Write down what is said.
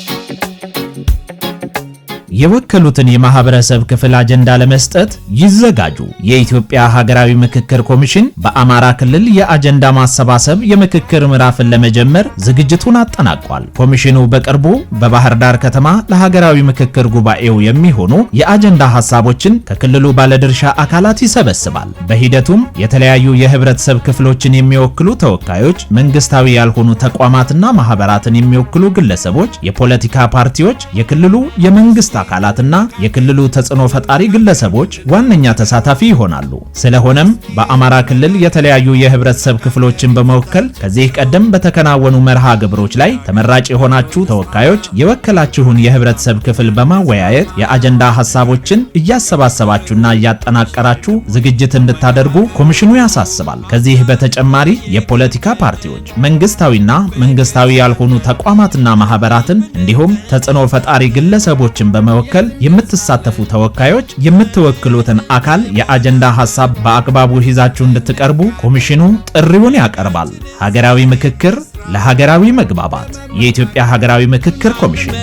Thank you. የወከሉትን የማህበረሰብ ክፍል አጀንዳ ለመስጠት ይዘጋጁ። የኢትዮጵያ ሀገራዊ ምክክር ኮሚሽን በአማራ ክልል የአጀንዳ ማሰባሰብ የምክክር ምዕራፍን ለመጀመር ዝግጅቱን አጠናቋል። ኮሚሽኑ በቅርቡ በባህር ዳር ከተማ ለሀገራዊ ምክክር ጉባኤው የሚሆኑ የአጀንዳ ሀሳቦችን ከክልሉ ባለድርሻ አካላት ይሰበስባል። በሂደቱም የተለያዩ የህብረተሰብ ክፍሎችን የሚወክሉ ተወካዮች፣ መንግስታዊ ያልሆኑ ተቋማትና ማህበራትን የሚወክሉ ግለሰቦች፣ የፖለቲካ ፓርቲዎች፣ የክልሉ የመንግስት አካላትና የክልሉ ተጽዕኖ ፈጣሪ ግለሰቦች ዋነኛ ተሳታፊ ይሆናሉ። ስለሆነም በአማራ ክልል የተለያዩ የህብረተሰብ ክፍሎችን በመወከል ከዚህ ቀደም በተከናወኑ መርሃ ግብሮች ላይ ተመራጭ የሆናችሁ ተወካዮች የወከላችሁን የህብረተሰብ ክፍል በማወያየት የአጀንዳ ሀሳቦችን እያሰባሰባችሁና እያጠናቀራችሁ ዝግጅት እንድታደርጉ ኮሚሽኑ ያሳስባል። ከዚህ በተጨማሪ የፖለቲካ ፓርቲዎች፣ መንግስታዊና መንግስታዊ ያልሆኑ ተቋማትና ማህበራትን እንዲሁም ተጽዕኖ ፈጣሪ ግለሰቦችን በመ በመወከል የምትሳተፉ ተወካዮች የምትወክሉትን አካል የአጀንዳ ሀሳብ በአግባቡ ይዛችሁ እንድትቀርቡ ኮሚሽኑ ጥሪውን ያቀርባል። ሀገራዊ ምክክር ለሀገራዊ መግባባት። የኢትዮጵያ ሀገራዊ ምክክር ኮሚሽን